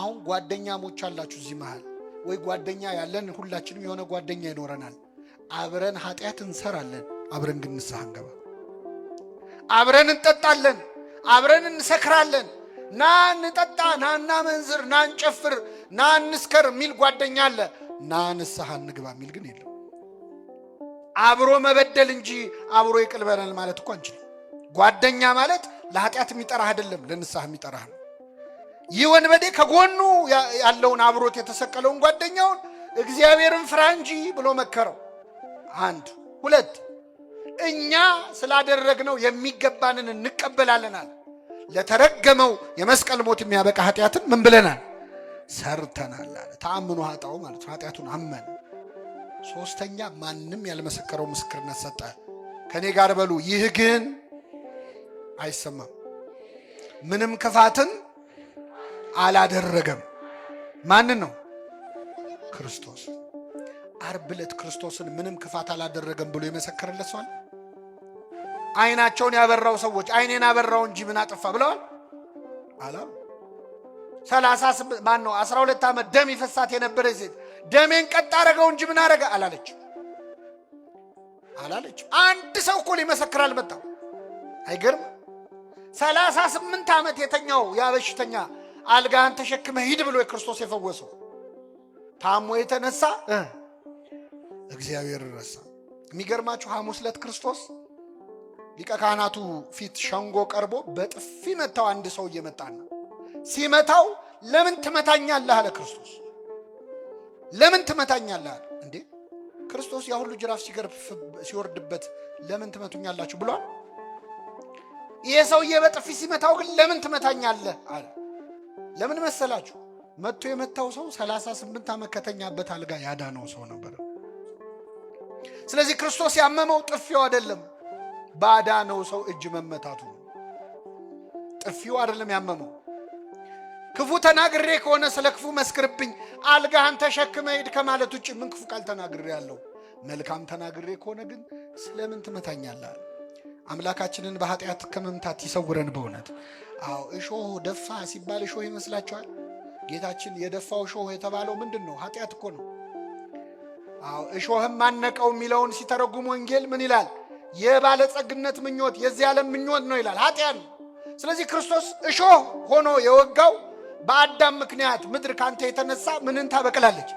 አሁን ጓደኛሞች አላችሁ እዚህ መሃል ወይ ጓደኛ ያለን ሁላችንም የሆነ ጓደኛ ይኖረናል። አብረን ኃጢአት እንሰራለን፣ አብረን ግን ንስሐ እንገባ። አብረን እንጠጣለን፣ አብረን እንሰክራለን። ና እንጠጣ፣ ና እናመንዝር፣ ና እንጨፍር፣ ና እንስከር የሚል ጓደኛ አለ። ና ንስሐ እንግባ የሚል ግን የለም። አብሮ መበደል እንጂ አብሮ ይቅልበናል ማለት እኮ አንችልም። ጓደኛ ማለት ለኃጢአት የሚጠራህ አይደለም፣ ለንስሐ የሚጠራህ ነው። ይህ ወንበዴ ከጎኑ ያለውን አብሮት የተሰቀለውን ጓደኛውን እግዚአብሔርን ፍራ እንጂ ብሎ መከረው። አንድ ሁለት እኛ ስላደረግነው የሚገባንን እንቀበላለናል። ለተረገመው የመስቀል ሞት የሚያበቃ ኃጢአትን ምን ብለናል? ሰርተናል አለ። ተአምኖ ኃጣው ማለት ኃጢአቱን አመን። ሶስተኛ ማንም ያልመሰከረው ምስክርነት ሰጠ። ከእኔ ጋር በሉ። ይህ ግን አይሰማም ምንም ክፋትን አላደረገም። ማንን ነው? ክርስቶስ። አርብ ዕለት ክርስቶስን ምንም ክፋት አላደረገም ብሎ የመሰከረለት ሰዋል። አይናቸውን ያበራው ሰዎች አይኔን አበራው እንጂ ምን አጠፋ ብለዋል አላ ሰላሳ ማን ነው አስራ ሁለት ዓመት ደም ይፈሳት የነበረ ሴት ደሜን ቀጥ አረገው እንጂ ምን አረገ አላለች አላለች። አንድ ሰው እኮ ሊመሰክር አልመጣም። አይገርም? ሰላሳ ስምንት ዓመት የተኛው ያ በሽተኛ አልጋህን ተሸክመ ሂድ ብሎ የክርስቶስ የፈወሰው ታሞ የተነሳ እግዚአብሔር ረሳ። የሚገርማችሁ ሐሙስ ዕለት ክርስቶስ ሊቀ ካህናቱ ፊት ሸንጎ ቀርቦ በጥፊ መታው። አንድ ሰው እየመጣና ሲመታው ለምን ትመታኛለህ አለ ክርስቶስ። ለምን ትመታኛለህ አለ። እንዴ ክርስቶስ ያ ሁሉ ጅራፍ ሲወርድበት ለምን ትመቱኛላችሁ ብሏል? ይሄ ሰውዬ በጥፊ ሲመታው ግን ለምን ትመታኛለህ አለ። ለምን መሰላችሁ? መጥቶ የመታው ሰው 38 ዓመት ከተኛበት አልጋ ያዳነው ሰው ነበር። ስለዚህ ክርስቶስ ያመመው ጥፊው አይደለም፣ ባዳነው ሰው እጅ መመታቱ ነው። ጥፊው አይደለም ያመመው። ክፉ ተናግሬ ከሆነ ስለ ክፉ መስክርብኝ፣ አልጋህን ተሸክመ ሂድ ከማለት ውጭ ምን ክፉ ቃል ተናግሬ ያለው? መልካም ተናግሬ ከሆነ ግን ስለምን ትመታኛለህ? አምላካችንን በኃጢአት ከመምታት ይሰውረን። በእውነት አዎ፣ እሾህ ደፋ ሲባል እሾህ ይመስላችኋል? ጌታችን የደፋው እሾህ የተባለው ምንድን ነው? ኃጢአት እኮ ነው። አዎ፣ እሾህም ማነቀው የሚለውን ሲተረጉም ወንጌል ምን ይላል? የባለጸግነት ምኞት፣ የዚህ ዓለም ምኞት ነው ይላል። ኃጢአት ነው። ስለዚህ ክርስቶስ እሾህ ሆኖ የወጋው በአዳም ምክንያት ምድር ካንተ የተነሳ ምንን ታበቅላለች?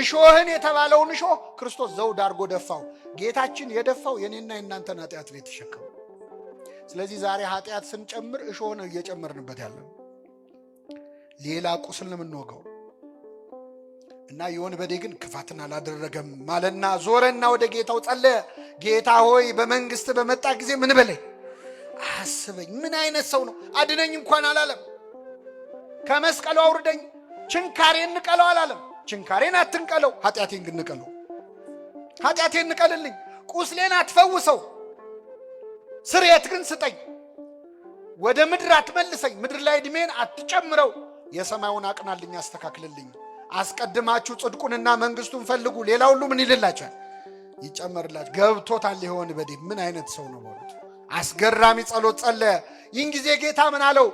እሾህን የተባለውን እሾህ ክርስቶስ ዘውድ አድርጎ ደፋው። ጌታችን የደፋው የኔና የእናንተን ኃጢአት ነው የተሸከመው። ስለዚህ ዛሬ ኃጢአት ስንጨምር እሾህ ነው እየጨመርንበት ያለው። ሌላ ቁስል ነው የምንወገው እና የሆን በዴ ግን ክፋትን አላደረገም ማለና ዞረና ወደ ጌታው ጸለየ። ጌታ ሆይ በመንግስት በመጣ ጊዜ ምን በለኝ አስበኝ። ምን አይነት ሰው ነው? አድነኝ እንኳን አላለም። ከመስቀሉ አውርደኝ፣ ችንካሬ እንቀለው አላለም። ችንካሬን አትንቀለው፣ ኃጢአቴን ግን ንቀለው። ኃጢአቴን ንቀልልኝ፣ ቁስሌን አትፈውሰው፣ ስርየት ግን ስጠኝ። ወደ ምድር አትመልሰኝ፣ ምድር ላይ ዕድሜን አትጨምረው። የሰማዩን አቅናልኝ፣ አስተካክልልኝ። አስቀድማችሁ ጽድቁንና መንግስቱን ፈልጉ፣ ሌላ ሁሉ ምን ይልላችኋል? ይጨመርላችሁ። ገብቶታል። ሊሆን በዴ ምን አይነት ሰው ነው በሉት። አስገራሚ ጸሎት ጸለየ። ይህን ጊዜ ጌታ ምን አለው?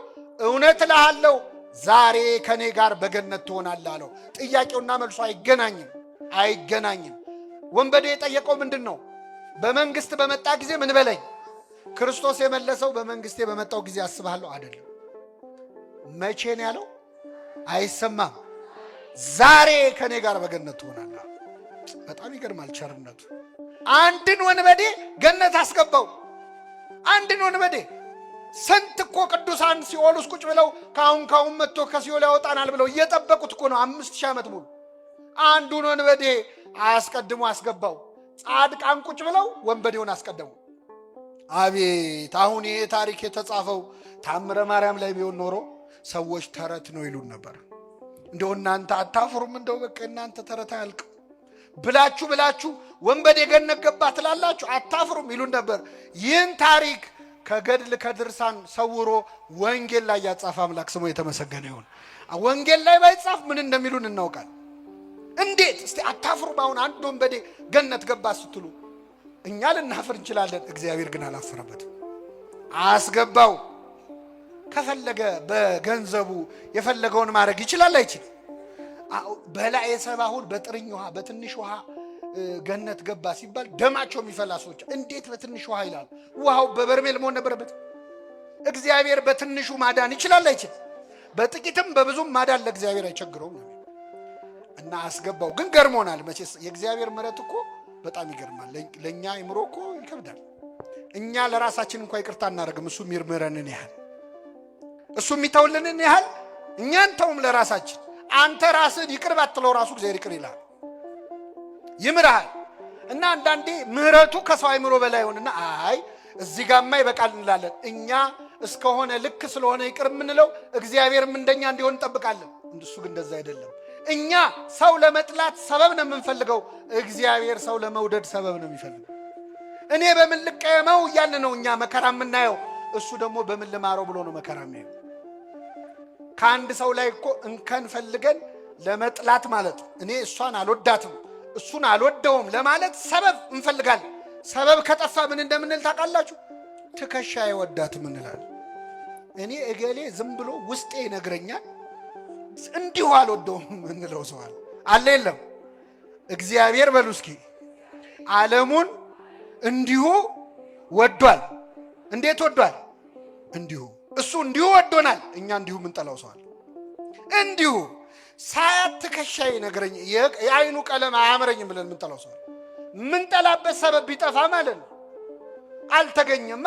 እውነት እልሃለሁ ዛሬ ከእኔ ጋር በገነት ትሆናል አለው። ጥያቄውና መልሱ አይገናኝም፣ አይገናኝም። ወንበዴ የጠየቀው ምንድን ነው? በመንግስት በመጣ ጊዜ ምን በለኝ። ክርስቶስ የመለሰው በመንግስቴ በመጣው ጊዜ አስብሃለሁ አይደለም። መቼ ነው ያለው? አይሰማም። ዛሬ ከእኔ ጋር በገነት ትሆናል። በጣም ይገርማል ቸርነቱ። አንድን ወንበዴ ገነት አስገባው። አንድን ወንበዴ ስንት እኮ ቅዱሳን ሲኦል ውስጥ ቁጭ ብለው ካሁን ካሁን መጥቶ ከሲኦል ያወጣናል ብለው እየጠበቁት እኮ ነው። አምስት ሺህ ዓመት ሙሉ አንዱን ወንበዴ አያስቀድሙ አስገባው። ጻድቃን ቁጭ ብለው ወንበዴውን አስቀደሙ። አቤት አሁን ይሄ ታሪክ የተጻፈው ታምረ ማርያም ላይ ቢሆን ኖሮ ሰዎች ተረት ነው ይሉን ነበር። እንደው እናንተ አታፍሩም? እንደው በቃ እናንተ ተረት አያልቅም ብላችሁ ብላችሁ ወንበዴ ገነት ገባ ትላላችሁ፣ አታፍሩም? ይሉን ነበር ይህን ታሪክ ከገድል ከድርሳን ሰውሮ ወንጌል ላይ ያጻፈ አምላክ ስሙ የተመሰገነ ይሁን። ወንጌል ላይ ባይጻፍ ምን እንደሚሉን እናውቃል። እንዴት እስቲ አታፍሩ አሁን አንድ ወንበዴ ገነት ገባ ስትሉ እኛ ልናፍር እንችላለን። እግዚአብሔር ግን አላፈረበትም፣ አስገባው። ከፈለገ በገንዘቡ የፈለገውን ማድረግ ይችላል። አይችልም በላዔ ሰብእ አሁን በጥርኝ ውሃ በትንሽ ውሃ ገነት ገባ ሲባል ደማቸው የሚፈላ ሰዎች እንዴት በትንሹ ኃይላል ውሃው በበርሜል መሆን ነበረበት። እግዚአብሔር በትንሹ ማዳን ይችላል አይችል? በጥቂትም በብዙም ማዳን ለእግዚአብሔር አይቸግረውም እና አስገባው። ግን ገርሞናል። መቼስ የእግዚአብሔር ምሕረት እኮ በጣም ይገርማል። ለእኛ አይምሮ እኮ ይከብዳል። እኛ ለራሳችን እንኳ ይቅርታ እናደርግም። እሱ የሚምረንን ያህል እሱ የሚተውልንን ያህል እኛን ተውም ለራሳችን አንተ ራስን ይቅር ባትለው ራሱ እግዚአብሔር ይቅር ይላል። ይምርሃል እና አንዳንዴ ምህረቱ ከሰው አይምሮ በላይ ይሆንና አይ እዚህ ጋማ ይበቃል እንላለን። እኛ እስከሆነ ልክ ስለሆነ ይቅር የምንለው እግዚአብሔርም እንደኛ እንዲሆን እንጠብቃለን። እሱ ግን እንደዛ አይደለም። እኛ ሰው ለመጥላት ሰበብ ነው የምንፈልገው፣ እግዚአብሔር ሰው ለመውደድ ሰበብ ነው የሚፈልገው። እኔ በምን ልቀየመው እያለ ነው እኛ መከራ የምናየው፣ እሱ ደግሞ በምን ልማረው ብሎ ነው መከራ የሚያየው። ከአንድ ሰው ላይ እኮ እንከን ፈልገን ለመጥላት ማለት እኔ እሷን አልወዳትም እሱን አልወደውም ለማለት ሰበብ እንፈልጋለን። ሰበብ ከጠፋ ምን እንደምንል ታውቃላችሁ? ትከሻ አይወዳትም እንላለን። እኔ እገሌ ዝም ብሎ ውስጤ ይነግረኛል እንዲሁ አልወደውም እንለው ሰዋል አለ የለም። እግዚአብሔር በሉ እስኪ ዓለሙን እንዲሁ ወዷል። እንዴት ወዷል? እንዲሁ እሱ እንዲሁ ወዶናል። እኛ እንዲሁ ምንጠላው ሰዋል እንዲሁ ሳያት ትከሻ ይነግረኝ የአይኑ ቀለም አያምረኝም ብለን የምንጠላው ሰው የምንጠላበት ሰበብ ቢጠፋ ማለት ነው። አልተገኘማ።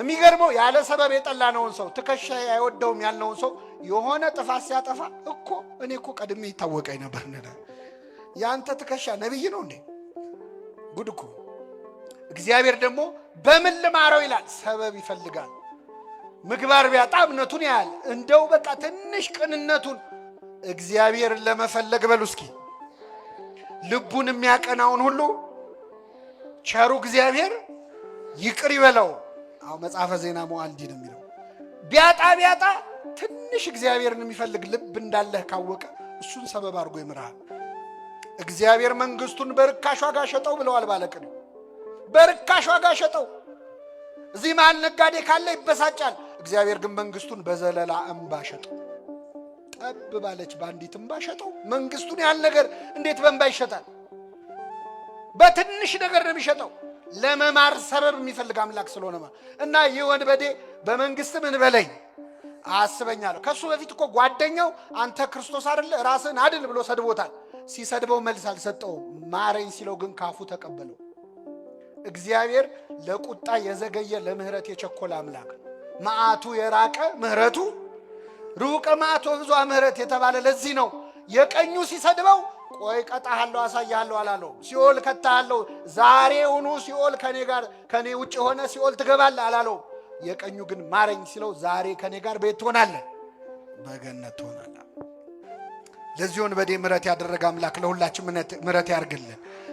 የሚገርመው ያለ ሰበብ የጠላነውን ሰው ትከሻ አይወደውም ያልነውን ሰው የሆነ ጥፋት ሲያጠፋ እኮ እኔ እኮ ቀድሜ ይታወቀኝ ነበር። የአንተ ትከሻ ነቢይ ነው እንዴ? ጉድ እኮ እግዚአብሔር ደግሞ በምን ልማረው ይላል። ሰበብ ይፈልጋል። ምግባር ቢያጣ እምነቱን ያህል እንደው በቃ ትንሽ ቅንነቱን እግዚአብሔርን ለመፈለግ በሉ እስኪ ልቡን የሚያቀናውን ሁሉ ቸሩ እግዚአብሔር ይቅር ይበለው። አሁ መጽሐፈ ዜና መዋልዲ ነው የሚለው ቢያጣ ቢያጣ ትንሽ እግዚአብሔርን የሚፈልግ ልብ እንዳለህ ካወቀ እሱን ሰበብ አድርጎ ይምርሃል። እግዚአብሔር መንግስቱን በርካሽ ዋጋ ሸጠው ብለዋል ባለቅኔው። በርካሽ ዋጋ ሸጠው። እዚህ መሃል ነጋዴ ካለ ይበሳጫል። እግዚአብሔር ግን መንግስቱን በዘለላ እምባ ሸጠው። ጠብ ባለች በአንዲት እንባ ሸጠው። መንግስቱን ያህል ነገር እንዴት በእንባ ይሸጣል? በትንሽ ነገር ነው የሚሸጠው። ለመማር ሰበብ የሚፈልግ አምላክ ስለሆነ እና ይህ ወንበዴ በመንግስት ምን በለኝ አስበኛለሁ። ከእሱ በፊት እኮ ጓደኛው አንተ ክርስቶስ አደለ ራስህን አድን ብሎ ሰድቦታል። ሲሰድበው መልስ አልሰጠው። ማረኝ ሲለው ግን ካፉ ተቀበለው። እግዚአብሔር ለቁጣ የዘገየ ለምህረት የቸኮለ አምላክ መዓቱ የራቀ ምህረቱ ሩቅ ማቶ ብዙ ምሕረት የተባለ ለዚህ ነው። የቀኙ ሲሰድበው ቆይ ቀጣሃለሁ፣ አሳያለሁ አላለሁ። ሲኦል ከታሃለሁ፣ ዛሬውኑ ሲኦል ከኔ ጋር ከኔ ውጭ ሆነ ሲኦል ትገባለህ አላለው። የቀኙ ግን ማረኝ ሲለው ዛሬ ከኔ ጋር ቤት ትሆናለህ፣ በገነት ትሆናለህ። ለዚህ በዴ ምሕረት ያደረገ አምላክ ለሁላችን ምሕረት ያርግልን።